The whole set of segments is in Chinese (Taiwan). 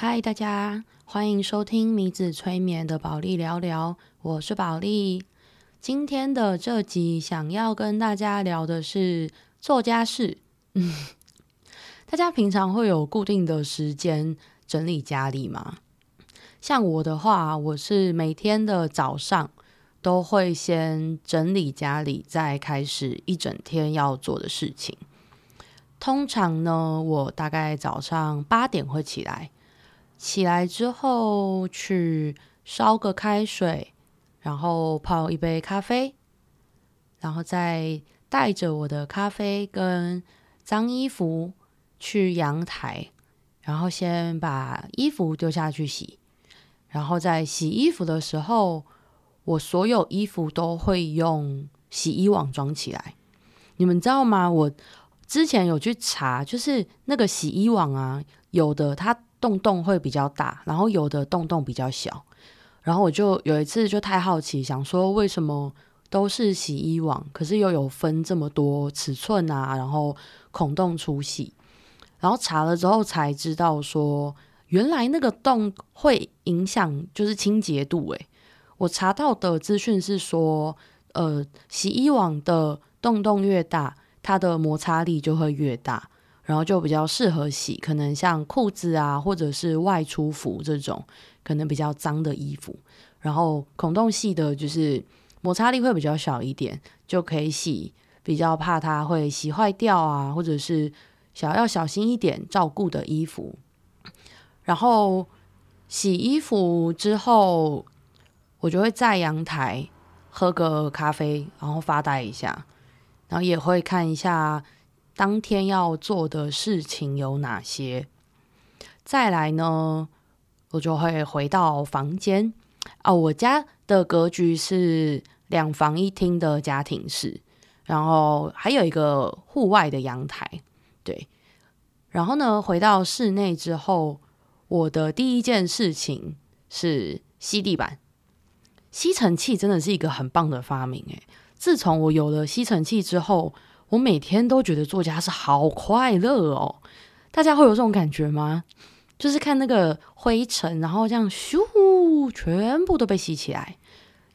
嗨，大家，歡迎收聽謎子催眠的寶莉聊聊，我是寶莉。今天的這集想要跟大家聊的是做家事。 大家平常會有固定的時間整理家裡嗎？像我的話，我是每天的早上都會先整理家裡，再開始一整天要做的事情。通常呢，我大概早上八點會起來。起來之後去燒個開水，然後泡一杯咖啡，然後再帶着我的咖啡跟髒衣服去陽台，然後先把衣服丟下去洗，然後在洗衣服的時候，我所有衣服都會用洗衣網裝起來。你們知道嗎？我之前有去查，就是那個洗衣網啊，有的它。洞洞會比較大，然後有的洞洞比較小，然後我就有一次就太好奇，想說，為什麼都是洗衣網，可是又有分這麼多尺寸啊，然後孔洞粗細，然後查了之後才知道說，原來那個洞會影響就是清潔度欸。誒，我查到的資訊是說，呃，洗衣網的洞洞越大，它的摩擦力就會越大。然後就比較適合洗，可能像褲子啊，或者是外出服這種可能比較髒的衣服。然後孔洞細的，就是摩擦力會比較小一點，就可以洗，比較怕它會洗壞掉啊，或者是想要小心一點照顧的衣服。然後洗衣服之後，我就會在陽台喝個咖啡，然後發呆一下，然後也會看一下當天要做的事情有哪些？再來呢，我就會回到房間。啊，我家的格局是兩房一廳的家庭室，然後還有一個戶外的陽台。對。然後呢，回到室內之後，我的第一件事情是吸地板。吸塵器真的是一個很棒的發明誒，自從我有了吸塵器之後，我每天都覺得做家事好快樂哦，大家會有這種感覺嗎？就是看那個灰塵，然後這樣咻，全部都被吸起來，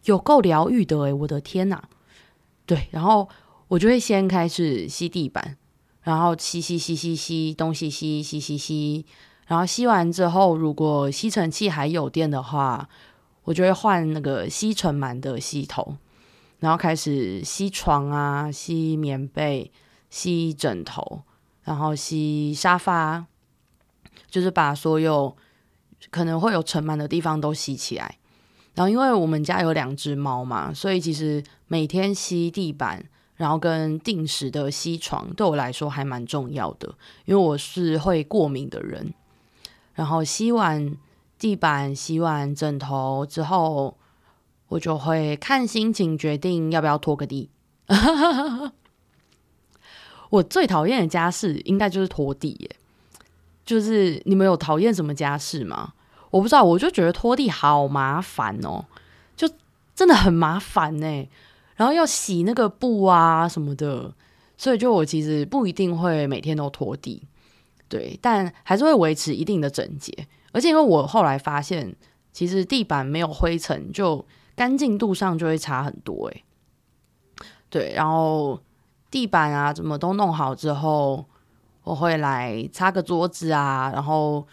有夠療癒的誒，我的天吶！對，然後我就會先開始吸地板，然後吸吸吸吸吸東西吸吸吸吸，然後吸完之後，如果吸塵器還有電的話，我就會換那個吸塵蟎的吸頭。然後開始吸床啊，吸棉被，吸枕頭，然後吸沙發，就是把所有可能會有塵蟎的地方都吸起來。然後因為我們家有兩隻貓嘛，所以其實每天吸地板，然後跟定時的吸床，對我來說還蠻重要的，因為我是會過敏的人。然後吸完地板，吸完枕頭之後，我就會看心情決定要不要拖個地。 我最討厭的家事應該就是拖地耶，欸，就是你們有討厭什麼家事嗎？我不知道，我就覺得拖地好麻煩哦，就真的很麻煩呢，欸。然後要洗那個布啊什麼的，所以就我其實不一定會每天都拖地，對，但還是會維持一定的整潔。而且因為我後來發現，其實地板沒有灰塵就。乾淨度上就會差很多，欸，哎，對，然後地板啊怎麼都弄好之後，我會來擦個桌子啊，然後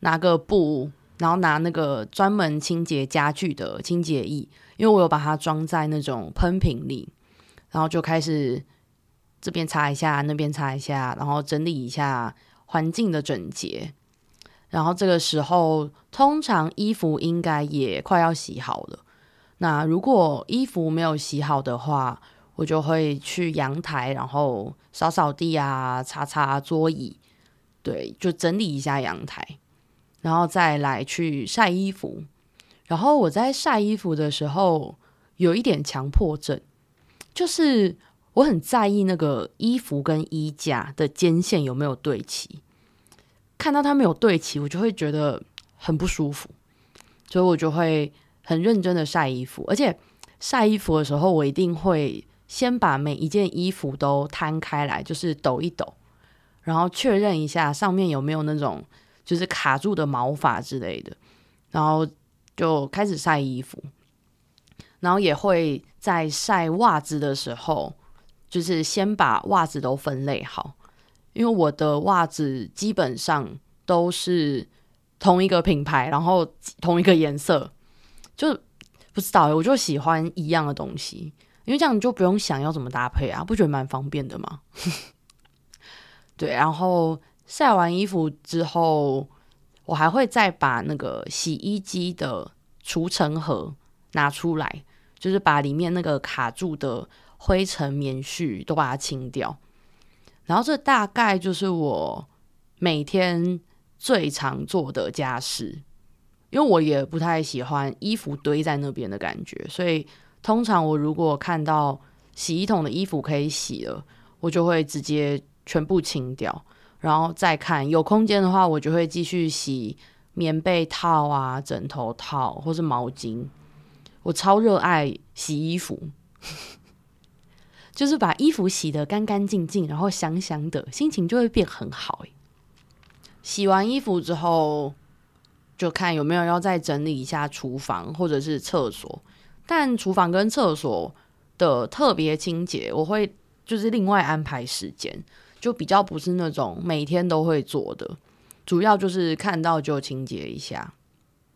拿個布，然後拿那個專門清潔家具的清潔液，因為我有把它裝在那種噴瓶裡，然後就開始這邊擦一下，那邊擦一下，然後整理一下環境的整潔。然後這個時候，通常衣服應該也快要洗好了。那如果衣服沒有洗好的話，我就會去陽台，然後掃掃地啊，擦擦桌椅，對，就整理一下陽台，然後再來去曬衣服。然後我在曬衣服的時候，有一點強迫症，就是我很在意那個衣服跟衣架的肩線有沒有對齊。看到它沒有對齊，我就會覺得很不舒服，所以我就會。很認真的曬衣服，而且曬衣服的時候，我一定會先把每一件衣服都攤開來，就是抖一抖，然後確認一下上面有沒有那種就是卡住的毛髮之類的，然後就開始曬衣服。然後也會在曬襪子的時候，就是先把襪子都分類好，因為我的襪子基本上都是同一個品牌，然後同一個顏色。就不知道，我就喜歡一樣的東西，因為這樣你就不用想要怎麼搭配啊，不覺得蠻方便的嗎？ 對，然後曬完衣服之後，我還會再把那個洗衣機的除塵盒拿出來，就是把裡面那個卡住的灰塵棉絮都把它清掉。然後這大概就是我每天最常做的家事。因為我也不太喜歡衣服堆在那邊的感覺，所以通常我如果看到洗衣桶的衣服可以洗了，我就會直接全部清掉，然後再看有空間的話，我就會繼續洗棉被套啊、枕頭套或是毛巾。我超熱愛洗衣服， 就是把衣服洗得乾乾淨淨，然後香香的，心情就會變很好。誒，洗完衣服之後。就看有沒有要再整理一下廚房或者是廁所，但廚房跟廁所的特別清潔，我會就是另外安排時間，就比較不是那種每天都會做的，主要就是看到就清潔一下。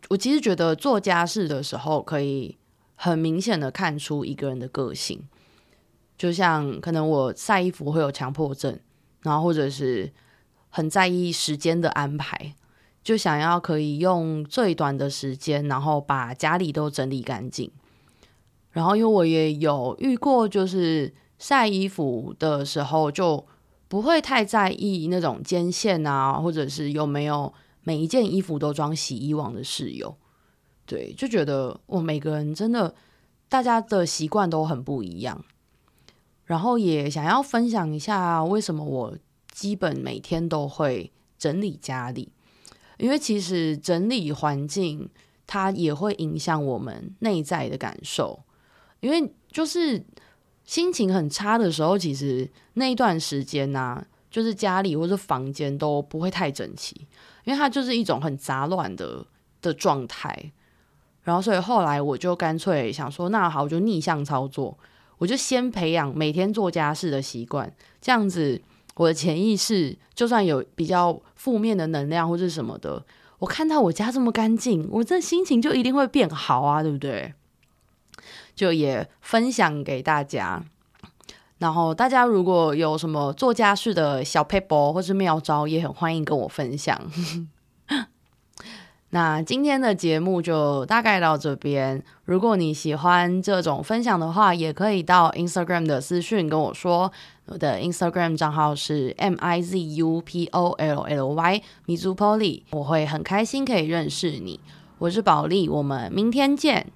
我其實覺得做家事的時候，可以很明顯的看出一個人的個性，就像可能我曬衣服會有強迫症，然後或者是很在意時間的安排。就想要可以用最短的時間，然後把家裡都整理乾淨。然後因為我也有遇過，就是曬衣服的時候就不會太在意那種肩線啊，或者是有沒有每一件衣服都裝洗衣網的室友。對，就覺得我每個人真的，大家的習慣都很不一樣。然後也想要分享一下，為什麼我基本每天都會整理家裡。因為其實整理環境，它也會影響我們內在的感受。因為就是心情很差的時候，其實那一段時間吶、啊，就是家裡或者房間都不會太整齊，因為它就是一種很雜亂的的狀態。然後，所以後來我就乾脆想說，那好，我就逆向操作，我就先培養每天做家事的習慣，這樣子。我的潛意識，就算有比較負面的能量或者什麼的，我看到我家這麼乾淨，我這心情就一定會變好啊，對不對？就也分享給大家。然後大家如果有什麼做家事的小撇步或者妙招，也很歡迎跟我分享。 那今天的節目就大概到這邊。如果你喜歡這種分享的話，也可以到 Instagram 的私訊跟我說，我的 Instagram 賬號是 M I Z U P O L L Y Mizu Polly，我會很開心可以認識你。我是寶莉，我們明天見。